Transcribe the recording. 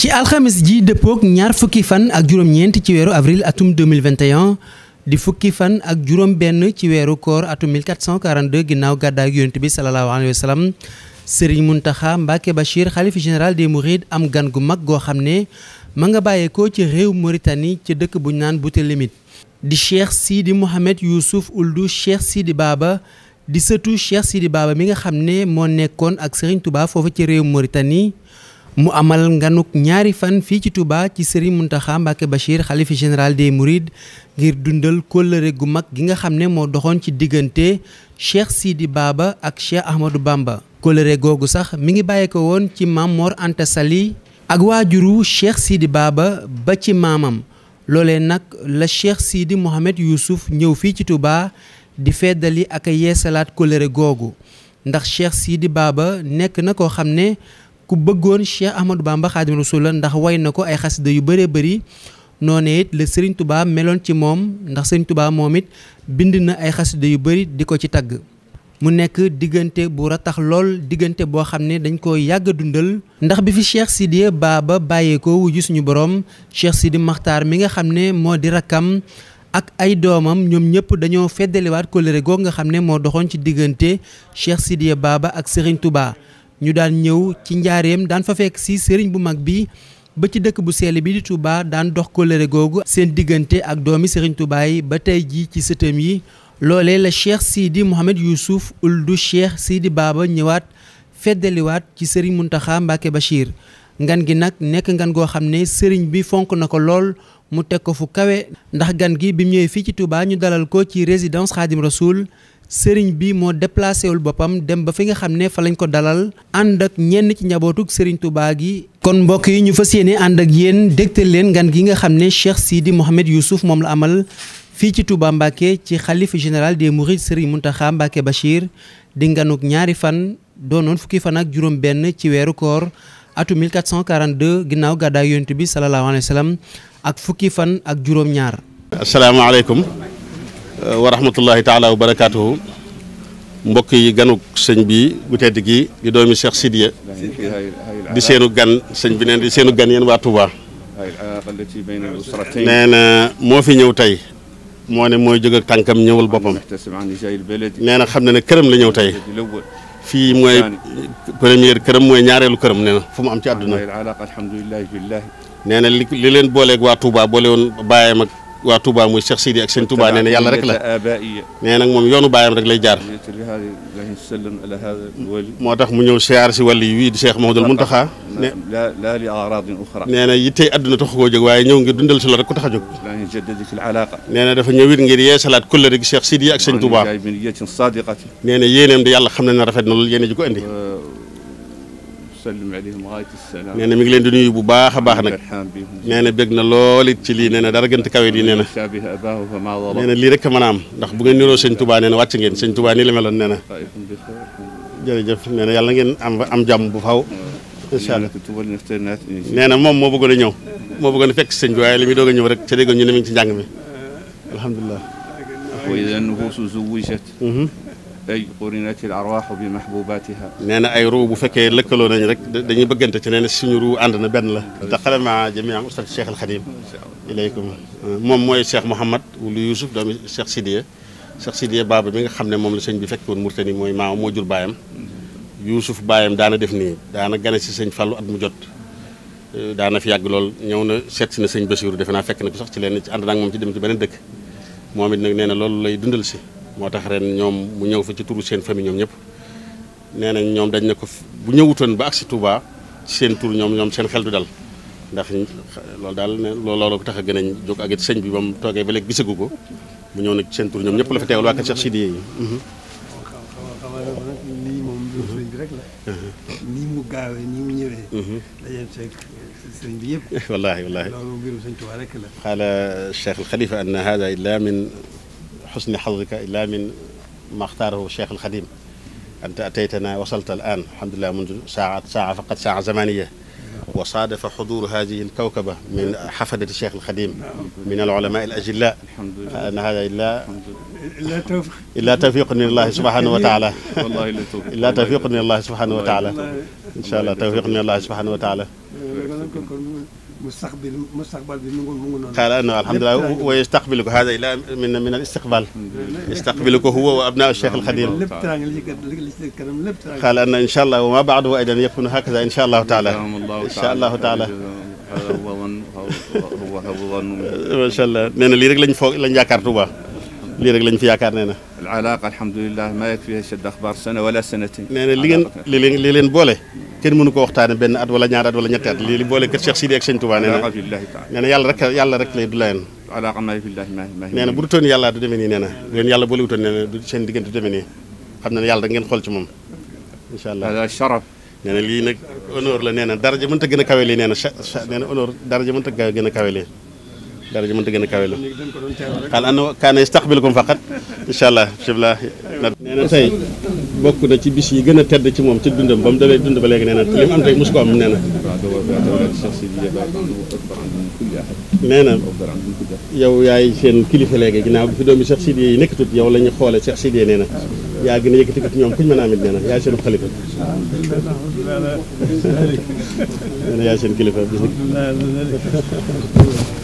ci alxames ji dëppook ñaar fukki fan ak juróom-ñeent ci weeru avril atum 2021 di fukki fan ak juróom benn ci weeru koor atum 1442 ginnaaw gàddaay yonent bi salallaahu alayhi wa sallam Serigne Mountakha Mbacké Bachir xalif général de Mourides am gan gu mag goo xam ne ma nga bàyyeekoo ci réew Mauritanie ci dëkk bu ñu naan Boutélimite di Cheikh Sidi Mouhamed Youssouf Ould Cheikh Sidi baaba di sëtu Cheikh Sidi Baba mi nga xam ne moo nekkoon ak Serigne Touba foofu ci réew Mauritanie mu amal nganuk ñaari fan fii ci tubaa ci Serigne Mountakha Mbacké Bachir xalifa général des Mourides ngir dundal kóllëre gu mag gi nga xam ne moo doxoon ci diggante Cheikh Sidi baaba ak Cheikh Ahmadou Bamba. kóllëre googu sax mu ngi bàyyi ko woon ci maam Mor Anta Sali ak waajuru Cheikh Sidi Baba ba ci maamam loolee nag la Cheikh Sidi Mohamed Youssouf ñëw fii ci tubaa di feddali ak yeesalaat kóllëre googu ndax Cheikh Sidi Baba nekk na koo xam ne. ku bëggoon Cheikh Ahmadou Bamba Xaadimu Rasuul la ndax way na ko ay xasida yu bëree bari noonee it la Serigne Touba meloon ci moom ndax Serigne Touba moom it bind na ay xasida yu bëri di ko ci tagg. mu nekk diggante bu ratax lool diggante boo xam ne dañ ko yàgg a dundal ndax bi fi Cheikh Sidiye Baba bàyyeekoo wujj suñu borom Cheikh Sidi Maxtaar mi nga xam ne moo di rakkam ak ay doomam ñoom ñëpp dañoo feddaliwaat kóllëre googu nga xam ne moo doxoon ci diggante Cheikh Sidiye Baba ak Serigne Touba. ñu daan ñëw ci njaareem daan fa fekk si sëriñ bu mag bi ba ci dëkk bu sell bi di tubaa daan dox kóllëre googu seen diggante ak doomi sëriñ Touba yi ba tey jii ci sëtëm yi loolee la Cheikh Sidi Mouhamed Youssouf uldu Cheikh Sidi Baba ñëwaat feddaliwaat ci sëriñ Mountakha Mbacké Bachir ngan gi nag nekk ngan goo xam ne sëriñ bi fonk na ko lool mu teg ko fu kawe ndax gan gi bi mu ñëwee fii ci Touba ñu dalal ko ci résidence Khadim Rasoul sëriñ bi moo déplacé wul boppam dem ba fi nga xam ne fa lañ ko dalal ànd ak ñenn ci njabootug sëriñ Touba gi. kon mbokk yi ñu fas yéene ànd ak yéen dégtal leen ngan gi nga xam ne Cheikh Sidi Mouhamed Youssouf moom la amal fii ci Touba Mbacké ci xalif général des Mourides sëriñ Mountakha Mbacké Bachir di nganuk ñaari fan doonoon fukki fan ak juróom-benn ci weeru koor atu 1442 ginnaaw gàddaay yont bi salallaahu alayhi wa ak fukki fan ak juróom-ñaar. wa rahmatullahi taala wa barakaatuhu mbokk yi ganuk sëñ bi gu tedd gi di doomi Cheikh Sidiya di seenu gan sëñ bi neen di seenu gan yéen waa Touba nee na moo fi ñëw tey moo ne mooy jóg ak tànkam ñëwal boppam nee na xam na ne këram la ñëw tey fii mooy première këram mooy ñaareelu këram nee na fu mu am ci àdduna nee na li leen booleeg waa Touba boole woon waa Touba muy Cheikh Sidi ak sëñ Touba nee na yàlla rek la nee moom yoonu baayam rek lay jaar moo tax mu ñëw siyaar si wàll yi wii di Cheikh Mouhamadoul Mountakha nee na yittey àdduna taxu koo jóg waaye ñëw ngir dundal si loolu rek ku tax a jóg nee na dafa ñëw it ngir yeesalaat kullëre gi Cheikh Sidi ak sëñ Touba nee na yéeneem di yàlla xam na ne rafet na loolu yéene ko indi euh, nee na mi di bu baax a baax nag nee na bég na lool it ci lii nee na dara gënt kawet yi nee na nee na lii rek mën a am ndax bu ngeen niroo sëñ Touba nee na wàcc ngeen sëñ Touba nii la meloon nee na jërëjëf nee na yàlla ngeen am am jàmm bu faw incha allah nee na moom moo bëggoon a ñëw moo bëggoon a fekk sëñ bi waaye li muy doog a ñëw rek ca déggoon ñu ne mi ngi ci njàng ay urinatil arwaaxu bi mahbubatiha nee na ay ruu bu fekkee lëkkaloo nañu rek dañuy bëggante ci nee na suñu ruu ànd na benn la taxala ma jamiam ustad cheikh alxadim ilaykum moom mooy cheikh mouhamad wulu yousuf doomi cheikh sidiya cheikh sidiya baaba mi nga xam ne moom la sëñ bi fekkoon murtani mooy maam moo jur baayam mm-hmm. yuusuf baayam daana def nii daana gane si sëñ fàllu at mu jot eh, daana fi yàgg lool ñëw na seet si na sëñ basiru defe naa fekk na ko sax ci leen ci ànd naag moom ci dem ci beneen dëkk moom it nag nee na loolu lay dundal si moo tax ren ñoom mu ñëw fa ci turu seen famille ñoom ñëpp nee nañ ñoom dañ ne ko bu ñëwutoon ba si Touba ci seen tur ñoom ñoom seen xel du dal ndax loolu daal ne loolu ko tax a gën a jóg ak sëñ bi ba mu toogee ba léegi gisagu ko mu ñëw nag ci seen tur ñoom ñëpp la fa teewal waa Kër Cheikh Sidiye yi. lii moom sëñ bi rek la. nii mu gaawee nii mu ñëwee. Mhm. dajeen seeg sëñ hada illa xusni xadrika illaa min maxtaarahu cheikh alxadim anta ataytana wasalta al an alhamdulilah mundu saa saa faqat saa zamaniya wa saadafa xuduuru haadihi alkawkaba min xafadati cheikh alxadim min alulama al ajilla ana hada illa illa tawfiqu min allahi subhanahu wa taala illa tawfiqu min allahi subhanahu wa taala incha allah tawfiqu min allahi subhanahu wa taala mustaqbil mustaqbal bi mu ngi mu ngi noonu. xaaral non alhamdulilah wa yastaqbilu ko hada ila min min al istiqbal. yastaqbilu ko huwa wa abnaa cheikh al xadim. lépp teraanga li ci kanam lépp teraanga. xaaral na incha allah wa ma baadu aydan yakunu hakaza incha allahu taala. incha allahu taala. macha allah nee na lii rek lañ foog lañ yaakaar Tuuba lii rek lañ fi yaakaar nee na. alaaqa alhamdulilah maa yakfiha shadd axbaar sana wala sanatin nee na li ngeen li leen li leen boole kenn mënu ko waxtaane benn at wala ñaar at wala ñetti at li li boole kër Cheikh Sidi ak sëñ Touba nee na nee na yàlla rek yàlla rek lay du layen alaaqa maa fillahi maa nee na bu du toon yàlla du demee nii nee na bu leen yàlla boole wutoon nee na du seen diggante du demee nii xam na ne yàlla rek ngeen xool ci moom incha allah sharaf nee na lii nag honneur la nee na daraja mënta gën a kawe lii nee na nee na honneur daraja mënta gën a kawe lii dara ji mënta gën a kawe la xaal ana kaana yastaqbilukum faqat incha allah bisimilah nee na tey bokk na ci bis yi gën a tedd ci moom ci dundam ba mu demee dund ba léegi nee na li mu am tey na yow yaay seen kilifa léegi ginnaaw bi fi doomi Cheikh Sidiye yi nekkatut yow la ñu xoole Cheikh Sidiye nee na yaa gën a yëkkati kat ñoom kuñ mën a amit nee na yaay seen xalifa nee na